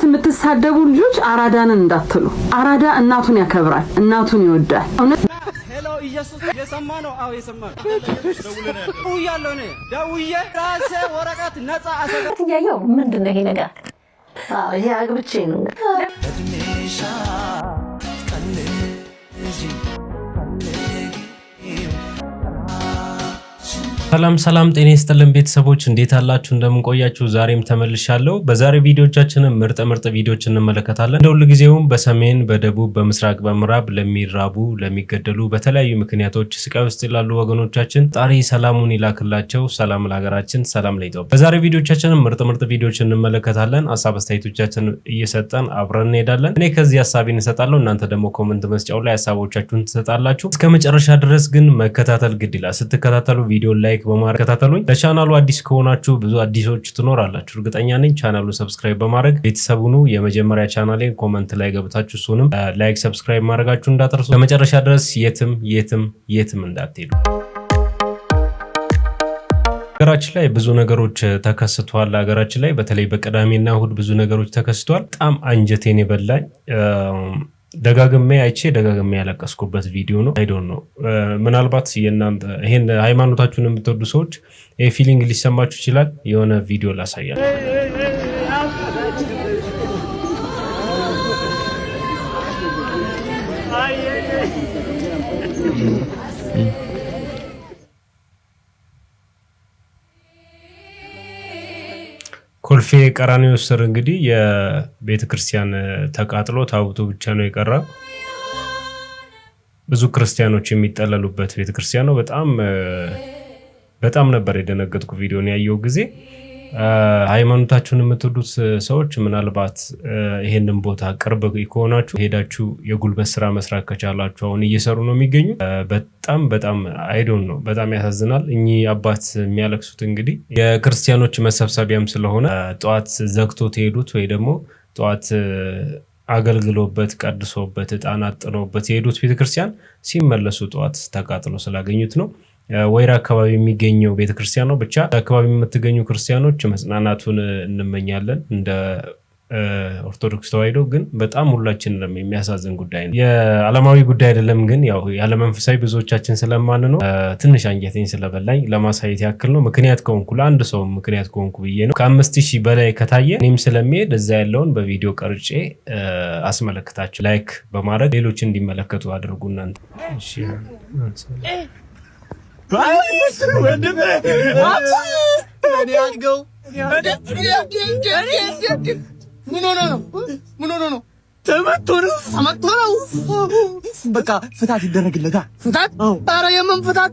ማለት የምትሳደቡ ልጆች አራዳንን እንዳትሉ። አራዳ እናቱን ያከብራል፣ እናቱን ይወዳል። እውነት ኢየሱስ የሰማ ነው። አዎ የሰማ ነው። ደውያለሁ እኔ ደውዬ ራሴ ወረቀት ነጻ ምንድን ነው ይሄ ነገር? አዎ ይሄ አግብቼ ነው ሰላም ሰላም፣ ጤና ይስጥልን ቤተሰቦች እንዴት አላችሁ? እንደምን ቆያችሁ? ዛሬም ተመልሻለሁ። በዛሬ ቪዲዮቻችንን ምርጥ ምርጥ ቪዲዮች እንመለከታለን። እንደ ሁሉ ጊዜውም በሰሜን፣ በደቡብ፣ በምስራቅ፣ በምዕራብ ለሚራቡ ለሚገደሉ፣ በተለያዩ ምክንያቶች ስቃይ ውስጥ ላሉ ወገኖቻችን ጣሪ ሰላሙን ይላክላቸው። ሰላም ለሀገራችን፣ ሰላም ለኢትዮጵያ። በዛሬ ቪዲዮቻችንን ምርጥ ምርጥ ቪዲዮች እንመለከታለን። ሀሳብ አስተያየቶቻችን እየሰጠን አብረን እንሄዳለን። እኔ ከዚህ ሀሳቤን እሰጣለሁ፣ እናንተ ደግሞ ኮመንት መስጫው ላይ ሀሳቦቻችሁን ትሰጣላችሁ። እስከ መጨረሻ ድረስ ግን መከታተል ግድ ይላል። ስትከታተሉ ቪዲዮ ላይ ላይክ በማድረግ ከታተሉኝ። ለቻናሉ አዲስ ከሆናችሁ ብዙ አዲሶች ትኖራላችሁ እርግጠኛ ነኝ። ቻናሉ ሰብስክራይብ በማድረግ ቤተሰቡኑ የመጀመሪያ ቻናሌን ኮመንት ላይ ገብታችሁ እሱንም ላይክ፣ ሰብስክራይብ ማድረጋችሁ እንዳትረሱ። ለመጨረሻ ድረስ የትም የትም የትም እንዳትሄዱ። ሀገራችን ላይ ብዙ ነገሮች ተከስተዋል። ሀገራችን ላይ በተለይ በቅዳሜና እሁድ ብዙ ነገሮች ተከስተዋል። በጣም አንጀቴን የበላኝ ደጋግሜ አይቼ ደጋግሜ ያለቀስኩበት ቪዲዮ ነው። አይዶን ነው ምናልባት የእናንተ ይሄን ሃይማኖታችሁን የምትወዱ ሰዎች ይህ ፊሊንግ ሊሰማችሁ ይችላል። የሆነ ቪዲዮ ላሳያል ኮልፌ ቀራኒዮ ስር እንግዲህ የቤተ ክርስቲያን ተቃጥሎ ታቦቱ ብቻ ነው የቀረ። ብዙ ክርስቲያኖች የሚጠለሉበት ቤተ ክርስቲያን ነው። በጣም በጣም ነበር የደነገጥኩ ቪዲዮን ያየው ጊዜ ሃይማኖታችሁን የምትወዱት ሰዎች ምናልባት ይሄንን ቦታ ቅርብ ከሆናችሁ ሄዳችሁ የጉልበት ስራ መስራት ከቻላችሁ አሁን እየሰሩ ነው የሚገኙ። በጣም በጣም አይዶን ነው፣ በጣም ያሳዝናል። እኚህ አባት የሚያለቅሱት እንግዲህ የክርስቲያኖች መሰብሰቢያም ስለሆነ ጠዋት ዘግቶ የሄዱት ወይ ደግሞ ጠዋት አገልግሎበት ቀድሶበት እጣን አጥኖበት የሄዱት ቤተክርስቲያን ሲመለሱ ጠዋት ተቃጥሎ ስላገኙት ነው። ወይራ አካባቢ የሚገኘው ቤተክርስቲያን ነው። ብቻ አካባቢ የምትገኙ ክርስቲያኖች መጽናናቱን እንመኛለን እንደ ኦርቶዶክስ ተዋሕዶ ግን በጣም ሁላችንም የሚያሳዝን ጉዳይ ነው። የዓለማዊ ጉዳይ አይደለም፣ ግን ያው ያለመንፈሳዊ ብዙዎቻችን ስለማን ነው። ትንሽ አንጀቴን ስለበላኝ ለማሳየት ያክል ነው። ምክንያት ከሆንኩ ለአንድ ሰው ምክንያት ከሆንኩ ብዬ ነው። ከአምስት ሺህ በላይ ከታየ እኔም ስለሚሄድ እዛ ያለውን በቪዲዮ ቀርጬ አስመለክታቸው። ላይክ በማድረግ ሌሎች እንዲመለከቱ አድርጉ እናንተ ተመቶ ነው ተመቶ ነው። በቃ ፍታት ይደረግለታ። ፍታት? ኧረ የምን ፍታት?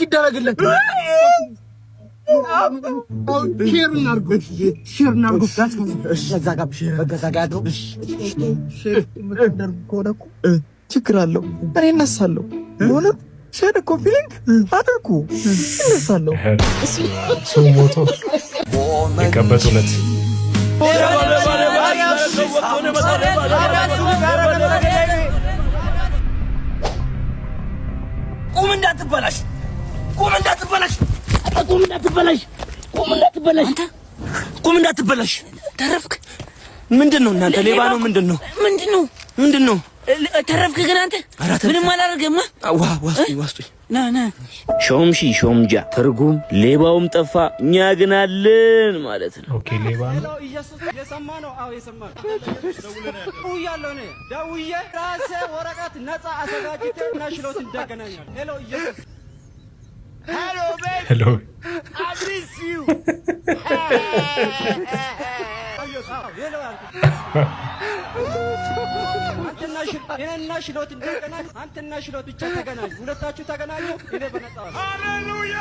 ይደረግለት። ሼር ሼር እዛ ጋር እዛ ጋር ያለው ችግር አለው። እኔ እነሳለሁ። ሆነ ሸን ኮፒ ሊንክ አድርጉ ይነሳለሁ። ቁም እንዳትበላሽ፣ ቁም እንዳትበላሽ፣ ቁም እንዳትበላሽ፣ ቁም እንዳትበላሽ፣ ቁም እንዳትበላሽ። ተረፍክ። ምንድን ነው እናንተ? ሌባ ነው ምንድን ነው? ምንድን ነው? ምንድን ነው? ተረፍክ ግን አንተ ምንም አላደርገማ። ሾምሺ ሾምጃ ትርጉም ሌባውም ጠፋ እኛ ግን አለን ማለት ነው። ሄሎ አንተና ሽሎት እንድንገናኝ አንተና ሽሎት ብቻ ተገናኙ። ሁለታችሁ ተገናኙ። እኔ በነጻ ሃሌሉያ።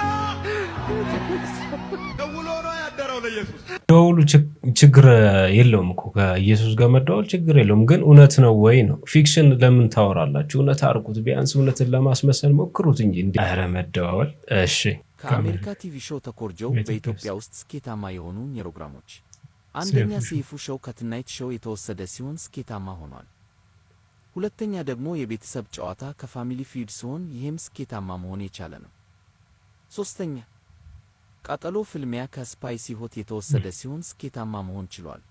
ደውሎ ነው ያደረው ለኢየሱስ። ደውሉ ችግር የለውም እኮ ከኢየሱስ ጋር መደወል ችግር የለውም። ግን እውነት ነው ወይ ነው? ፊክሽን ለምን ታወራላችሁ? እውነት አርጉት። ቢያንስ እውነትን ለማስመሰል ሞክሩት እንጂ እንዲ ኧረ መደዋወል። እሺ ከአሜሪካ ቲቪ ሾው ተኮርጀው በኢትዮጵያ ውስጥ ስኬታማ የሆኑ ፕሮግራሞች አንደኛ ሰይፉ ሾው ከትናይት ሾው የተወሰደ ሲሆን ስኬታማ ሆኗል። ሁለተኛ ደግሞ የቤተሰብ ጨዋታ ከፋሚሊ ፊውድ ሲሆን ይህም ስኬታማ መሆን የቻለ ነው። ሶስተኛ ቃጠሎ ፍልሚያ ከስፓይሲ ሆት የተወሰደ ሲሆን ስኬታማ መሆን ችሏል።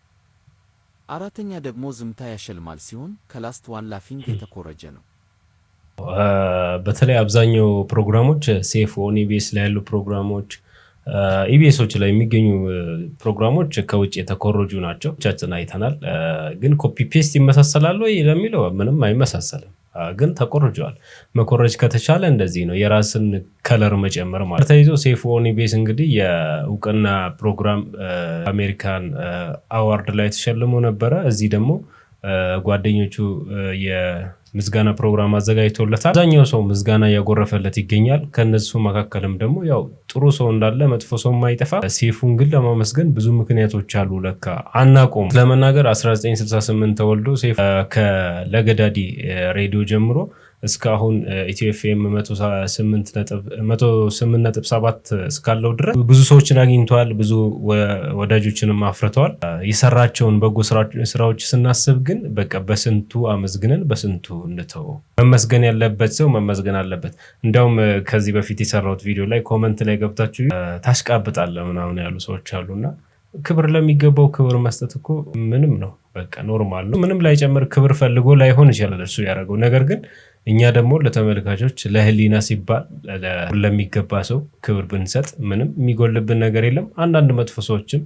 አራተኛ ደግሞ ዝምታ ያሸልማል ሲሆን ከላስት ዋን ላፊንግ የተኮረጀ ነው። በተለይ አብዛኛው ፕሮግራሞች ሴፍ ኦን ኢቢኤስ ላይ ያሉ ፕሮግራሞች ኢቢኤሶች ላይ የሚገኙ ፕሮግራሞች ከውጭ የተኮረጁ ናቸው። ቻችን አይተናል። ግን ኮፒ ፔስት ይመሳሰላሉ ለሚለው ምንም አይመሳሰልም፣ ግን ተኮርጀዋል። መኮረጅ ከተቻለ እንደዚህ ነው፣ የራስን ከለር መጨመር ማለት ተይዞ ሴፍ ኦን ኢቢኤስ እንግዲህ የእውቅና ፕሮግራም አሜሪካን አዋርድ ላይ ተሸልሞ ነበረ። እዚህ ደግሞ ጓደኞቹ ምዝጋና ፕሮግራም አዘጋጅቶለታል። አብዛኛው ሰው ምዝጋና እያጎረፈለት ይገኛል። ከነሱ መካከልም ደግሞ ያው ጥሩ ሰው እንዳለ መጥፎ ሰው ማይጠፋ። ሴፉን ግን ለማመስገን ብዙ ምክንያቶች አሉ። ለካ አናቆም ለመናገር 1968 ተወልዶ ሴፍ ከለገዳዲ ሬዲዮ ጀምሮ እስካሁን ኢትዮ ኤፍኤም መቶ ስምንት ነጥብ ሰባት እስካለው ድረስ ብዙ ሰዎችን አግኝተዋል። ብዙ ወዳጆችንም አፍርተዋል። የሰራቸውን በጎ ስራዎች ስናስብ ግን በቃ በስንቱ አመስግነን በስንቱ እንተው። መመስገን ያለበት ሰው መመስገን አለበት። እንዲያውም ከዚህ በፊት የሰራሁት ቪዲዮ ላይ ኮመንት ላይ ገብታችሁ ታሽቃብጣለ ምናምን ያሉ ሰዎች አሉና ክብር ለሚገባው ክብር መስጠት እኮ ምንም ነው፣ በቃ ኖርማል ነው። ምንም ላይጨምር ክብር ፈልጎ ላይሆን ይችላል እሱ ያደረገው ነገር ግን እኛ ደግሞ ለተመልካቾች ለህሊና ሲባል ለሚገባ ሰው ክብር ብንሰጥ ምንም የሚጎልብን ነገር የለም። አንዳንድ መጥፎ ሰዎችም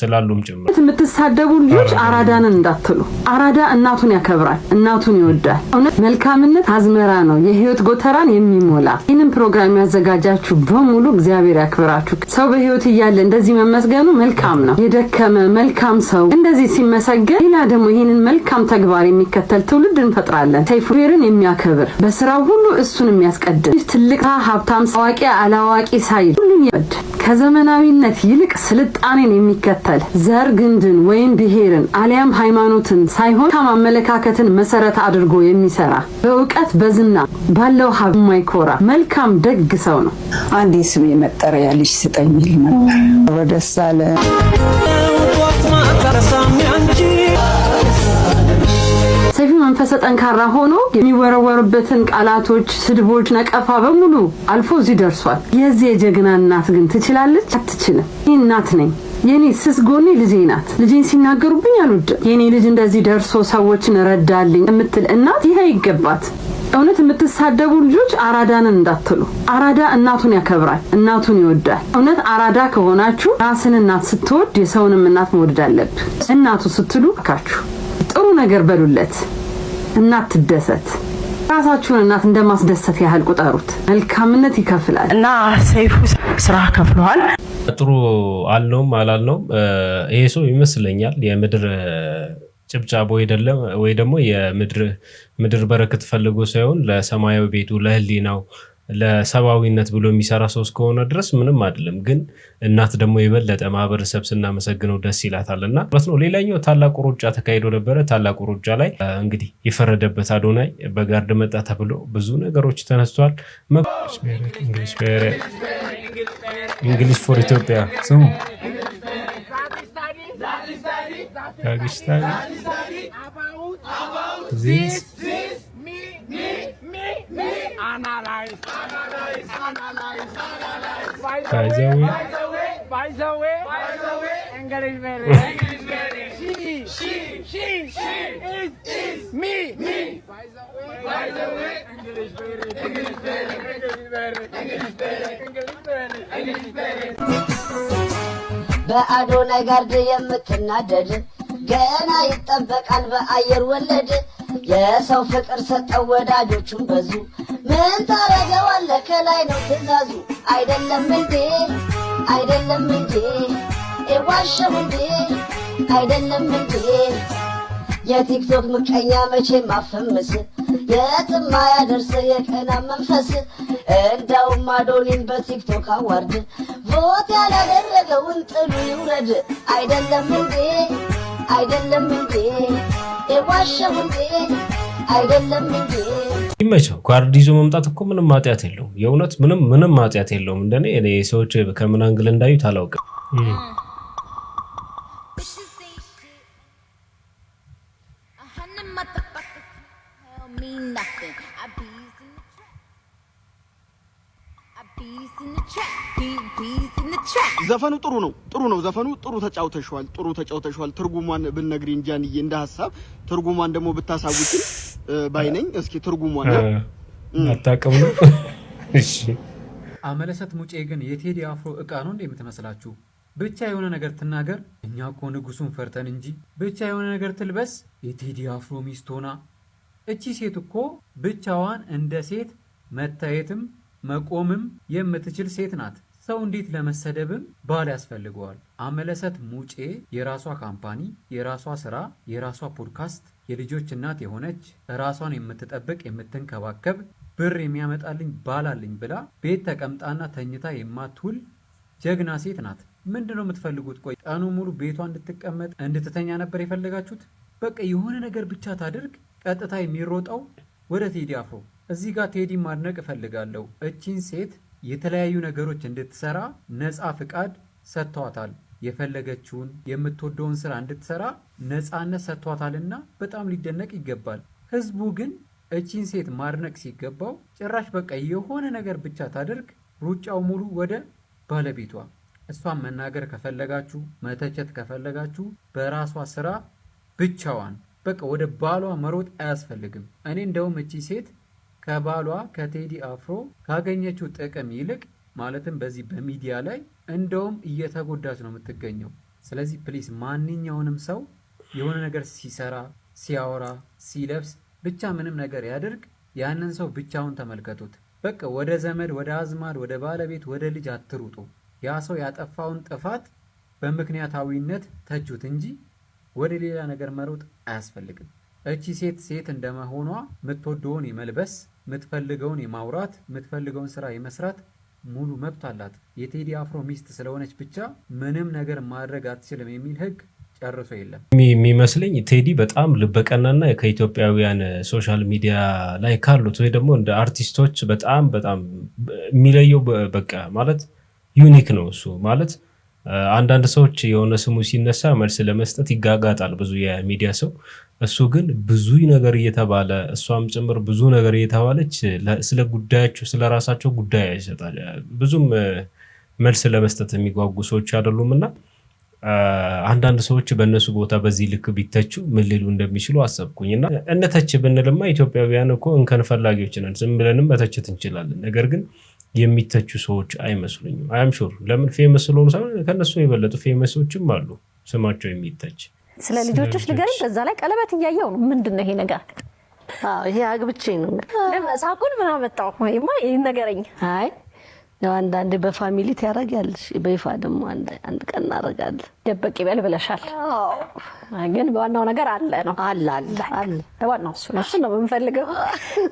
ስላሉም ጭምር የምትሳደቡ ልጆች አራዳንን እንዳትሉ። አራዳ እናቱን ያከብራል፣ እናቱን ይወዳል። እውነት መልካምነት አዝመራ ነው፣ የህይወት ጎተራን የሚሞላ። ይህንን ፕሮግራም ያዘጋጃችሁ በሙሉ እግዚአብሔር ያክብራችሁ። ሰው በህይወት እያለ እንደዚህ መመስገኑ መልካም ነው። የደከመ መልካም ሰው እንደዚህ ሲመሰገን፣ ሌላ ደግሞ ይህንን መልካም ተግባር የሚከተል ትውልድ እንፈጥራለን። ሰይፉ ብሔርን የሚያከብር የሚያከብር በስራው ሁሉ እሱን የሚያስቀድም ትልቅ፣ ሀብታም፣ ታዋቂ፣ አላዋቂ ሳይል ሁሉን የሚወድ ከዘመናዊነት ይልቅ ስልጣኔን የሚከተል ዘር ግንድን ወይም ብሔርን አሊያም ሃይማኖትን ሳይሆን አመለካከትን መሰረት አድርጎ የሚሰራ በእውቀት በዝና ባለው ሀብ ማይኮራ መልካም ደግ ሰው ነው። አንዴ ስሜ መጠሪያ ልጅ ስጠኝ ይል ነበር ወደ መንፈሰ ጠንካራ ሆኖ የሚወረወሩበትን ቃላቶች፣ ስድቦች፣ ነቀፋ በሙሉ አልፎ እዚህ ደርሷል። የዚህ የጀግና እናት ግን ትችላለች? አትችልም። ይህ እናት ነኝ የኔ ስስ ጎኔ ልጄ ናት። ልጄን ሲናገሩብኝ አልወድም። የኔ ልጅ እንደዚህ ደርሶ ሰዎችን ረዳልኝ የምትል እናት ይሄ ይገባት። እውነት የምትሳደቡ ልጆች አራዳንን እንዳትሉ። አራዳ እናቱን ያከብራል፣ እናቱን ይወዳል። እውነት አራዳ ከሆናችሁ ራስን እናት ስትወድ የሰውንም እናት መውደድ አለብህ። እናቱ ስትሉ ካችሁ ጥሩ ነገር በሉለት። እናትደሰት ራሳችሁን እናት እንደማስደሰት ያህል ቁጠሩት። መልካምነት ይከፍላል እና ሰይፉ ስራ ከፍለዋል። ጥሩ አልነውም አላልነውም፣ ይሄ ሰው ይመስለኛል የምድር ጭብጫቦ ወይ ደግሞ የምድር በረከት ፈልጎ ሳይሆን ለሰማያዊ ቤቱ ለህሊናው ለሰብአዊነት ብሎ የሚሰራ ሰው እስከሆነ ድረስ ምንም አይደለም። ግን እናት ደግሞ የበለጠ ማህበረሰብ ስናመሰግነው ደስ ይላታል እና ት ነው። ሌላኛው ታላቁ ሩጫ ተካሂዶ ነበረ። ታላቁ ሩጫ ላይ እንግዲህ የፈረደበት አዶናይ በጋርድ መጣ ተብሎ ብዙ ነገሮች ተነስቷል። እንግሊዝ ፎር ኢትዮጵያ ስሙ This ባይዘዌ ባይዘዌ እንግሊዝ ሜሪ በአዶናይ ጋርድ የምትናደድ ገና ይጠበቃል በአየር ወለድ የሰው ፍቅር ሰጠው ወዳጆቹን በዙ ምን ታረገዋለህ ከላይ ነው ትእዛዙ አይደለም እንዴ አይደለም እንዴ የዋሸው እንዴ አይደለም እንዴ የቲክቶክ ምቀኛ መቼ ማፈምስ የትም ያደርስ የቀና መንፈስ እንዳውም አዶኒን በቲክቶክ አዋርድ ቮት ያላደረገውን ጥሉ ይውረድ። አይደለም እንዴ አይደለም እንዴ የዋሸው እንዴ አይደለም እንዴ ይመቸው። ጓርድ ይዞ መምጣት እኮ ምንም ማጥያት የለውም። የእውነት ምንም ምንም ማጥያት የለውም። እንደኔ እኔ ሰዎች ከምን አንግል እንዳዩት አላውቅም። ዘፈኑ ጥሩ ነው፣ ጥሩ ነው ዘፈኑ ጥሩ ተጫውተሽዋል፣ ጥሩ ተጫውተሽዋል። ትርጉሟን ብንነግሪ እንጃንዬ እንደ ሀሳብ ትርጉሟን ደግሞ ብታሳውቂን ባይነኝ እስኪ ትርጉሙ አታውቅም ነው። እሺ አመለሰት ሙጬ ግን የቴዲ አፍሮ እቃ ነው እንዴ የምትመስላችሁ? ብቻ የሆነ ነገር ትናገር። እኛ እኮ ንጉሱን ፈርተን እንጂ ብቻ የሆነ ነገር ትልበስ። የቴዲ አፍሮ ሚስት ሆና እቺ ሴት እኮ ብቻዋን እንደ ሴት መታየትም መቆምም የምትችል ሴት ናት። ሰው እንዴት ለመሰደብም ባል ያስፈልገዋል። አመለሰት ሙጬ የራሷ ካምፓኒ፣ የራሷ ስራ፣ የራሷ ፖድካስት የልጆች እናት የሆነች ራሷን የምትጠብቅ የምትንከባከብ ብር የሚያመጣልኝ ባላልኝ ብላ ቤት ተቀምጣና ተኝታ የማትውል ጀግና ሴት ናት። ምንድን ነው የምትፈልጉት? ቆይ ቀኑ ሙሉ ቤቷ እንድትቀመጥ እንድትተኛ ነበር የፈለጋችሁት? በቃ የሆነ ነገር ብቻ ታድርግ። ቀጥታ የሚሮጠው ወደ ቴዲ አፍሮ። እዚህ ጋር ቴዲ ማድነቅ እፈልጋለሁ። እቺን ሴት የተለያዩ ነገሮች እንድትሰራ ነፃ ፍቃድ ሰጥተዋታል። የፈለገችውን የምትወደውን ስራ እንድትሰራ ነፃነት ሰጥቷታልና በጣም ሊደነቅ ይገባል። ህዝቡ ግን እቺን ሴት ማድነቅ ሲገባው ጭራሽ በቃ የሆነ ነገር ብቻ ታደርግ ሩጫው ሙሉ ወደ ባለቤቷ። እሷን መናገር ከፈለጋችሁ መተቸት ከፈለጋችሁ በራሷ ስራ ብቻዋን በቃ ወደ ባሏ መሮጥ አያስፈልግም። እኔ እንደውም እቺ ሴት ከባሏ ከቴዲ አፍሮ ካገኘችው ጥቅም ይልቅ ማለትም በዚህ በሚዲያ ላይ እንደውም እየተጎዳች ነው የምትገኘው። ስለዚህ ፕሊስ ማንኛውንም ሰው የሆነ ነገር ሲሰራ፣ ሲያወራ፣ ሲለብስ ብቻ ምንም ነገር ያድርግ ያንን ሰው ብቻውን ተመልከቱት። በቃ ወደ ዘመድ፣ ወደ አዝማድ፣ ወደ ባለቤት፣ ወደ ልጅ አትሩጡ። ያ ሰው ያጠፋውን ጥፋት በምክንያታዊነት ተቹት እንጂ ወደ ሌላ ነገር መሮጥ አያስፈልግም። እቺ ሴት ሴት እንደመሆኗ የምትወደውን የመልበስ፣ የምትፈልገውን የማውራት፣ የምትፈልገውን ስራ የመስራት ሙሉ መብት አላት። የቴዲ አፍሮ ሚስት ስለሆነች ብቻ ምንም ነገር ማድረግ አትችልም የሚል ህግ ጨርሶ የለም። የሚመስለኝ ቴዲ በጣም ልበቀናና ከኢትዮጵያውያን ሶሻል ሚዲያ ላይ ካሉት ወይ ደግሞ እንደ አርቲስቶች በጣም በጣም የሚለየው በቃ ማለት ዩኒክ ነው እሱ ማለት አንዳንድ ሰዎች የሆነ ስሙ ሲነሳ መልስ ለመስጠት ይጋጋጣል ብዙ የሚዲያ ሰው እሱ ግን ብዙ ነገር እየተባለ እሷም ጭምር ብዙ ነገር እየተባለች ስለ ጉዳያቸው ስለ ራሳቸው ጉዳይ ይሰጣል። ብዙም መልስ ለመስጠት የሚጓጉ ሰዎች አይደሉም እና አንዳንድ ሰዎች በእነሱ ቦታ በዚህ ልክ ቢተቹ ምን ሊሉ እንደሚችሉ አሰብኩኝ እና እንተች ብንልማ ኢትዮጵያውያን እኮ እንከን ፈላጊዎች ነን፣ ዝም ብለንም መተቸት እንችላለን። ነገር ግን የሚተቹ ሰዎች አይመስሉኝም። አያም ሹር ለምን ፌመስ ስለሆኑ ሳይሆን ከእነሱ የበለጡ ፌመሶችም አሉ ስማቸው የሚተች ስለ ልጆችሽ ንገሪኝ። በዛ ላይ ቀለበት እያየው ነው። ምንድን ነው ይሄ ነገር? ይሄ አግብቼ ነው ሳቁን ምን አመጣው? ወይማ ይህን ነገረኝ። አይ ያው አንዳንዴ በፋሚሊ ትያደርጊያለሽ፣ በይፋ ደግሞ አንድ ቀን እናደርጋለን። ደበቅ ይበል ብለሻል፣ ግን በዋናው ነገር አለ ነው አለ አለ አለ ዋናው እሱ ነው። እሱን ነው የምንፈልገው።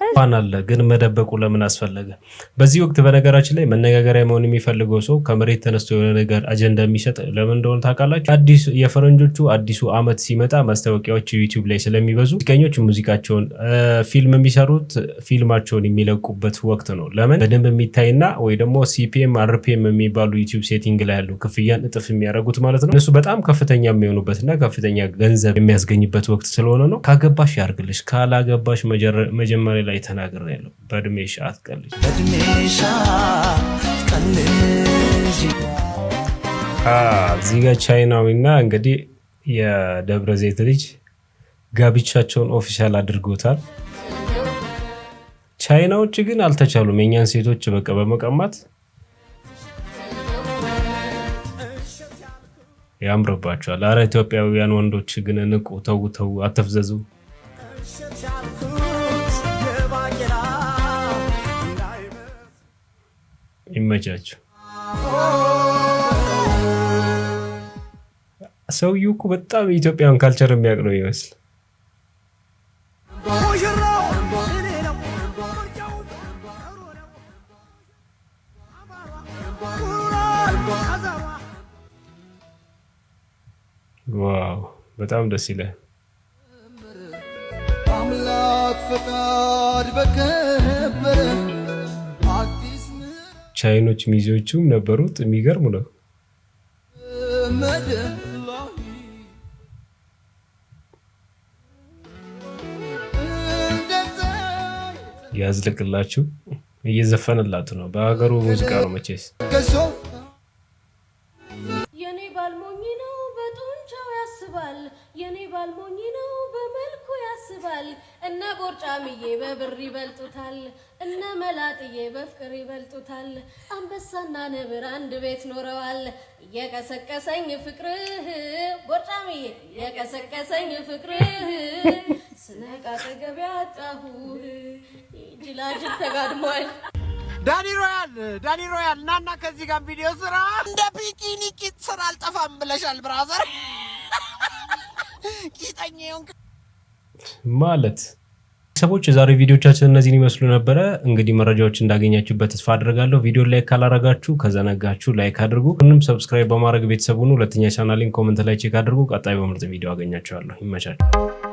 እንኳን አለ ግን መደበቁ ለምን አስፈለገ? በዚህ ወቅት በነገራችን ላይ መነጋገሪያ መሆን የሚፈልገው ሰው ከመሬት ተነስቶ የሆነ ነገር አጀንዳ የሚሰጥ ለምን እንደሆነ ታውቃላችሁ? አዲሱ የፈረንጆቹ አዲሱ አመት ሲመጣ ማስታወቂያዎች ዩቲዩብ ላይ ስለሚበዙ ሙዚቀኞች ሙዚቃቸውን፣ ፊልም የሚሰሩት ፊልማቸውን የሚለቁበት ወቅት ነው። ለምን በደንብ የሚታይና ወይ ደግሞ ሲፒኤም አርፒኤም የሚባሉ ዩቲዩብ ሴቲንግ ላይ ያለው ክፍያን እጥፍ የሚያደርጉት ማለት ነው። እነሱ በጣም ከፍተኛ የሚሆኑበትና ከፍተኛ ገንዘብ የሚያስገኝበት ወቅት ስለሆነ ነው። ካገባሽ ያርግልሽ፣ ካላገባሽ መጀመሪያ ላይ ተናግር ያለው በእድሜ ሻት ቀልጅ እዚህ ጋር ቻይናዊና እንግዲህ የደብረ ዘይት ልጅ ጋብቻቸውን ኦፊሻል አድርጎታል። ቻይናዎች ግን አልተቻሉም። የኛን ሴቶች በቃ በመቀማት ያምርባቸዋል። አረ ኢትዮጵያውያን ወንዶች ግን ንቁ፣ ተው ተው፣ አተፍዘዙ። ይመቻቸው። ሰውዬው እኮ በጣም የኢትዮጵያን ካልቸር የሚያውቅ ነው ይመስል በጣም ደስ ይለ አምላክ ፈቃድ በከበረ ቻይኖች ሚዜዎቹም ነበሩት። የሚገርም ነው። ያዝልቅላችሁ እየዘፈነላት ነው። በሀገሩ ሙዚቃ ነው መቼስ ጎርጫምዬ በብር ይበልጡታል፣ እነ መላጥዬ በፍቅር ይበልጡታል። አንበሳና ነብር አንድ ቤት ኖረዋል። እየቀሰቀሰኝ ፍቅርህ ጎርጫምዬ እየቀሰቀሰኝ ፍቅርህ ስነቃ ጅላጅል ተጋድሟል። ዳኒ ሮያል ዳኒ ሮያል እናና ከዚህ ጋር ቪዲዮ ስራ። እንደ ቢኪኒ ስራ አልጠፋም ብለሻል ብራዘር ማለት ሰዎች የዛሬ ቪዲዮቻችን እነዚህን ይመስሉ ነበረ። እንግዲህ መረጃዎች እንዳገኛችሁበት ተስፋ አድርጋለሁ። ቪዲዮ ላይክ ካላረጋችሁ ከዘነጋችሁ ላይክ አድርጉ። ሁንም ሰብስክራይብ በማድረግ ቤተሰቡን ሁለተኛ ቻናሌን ኮመንት ላይ ቼክ አድርጉ። ቀጣይ በምርጥ ቪዲዮ አገኛችኋለሁ። ይመቻል።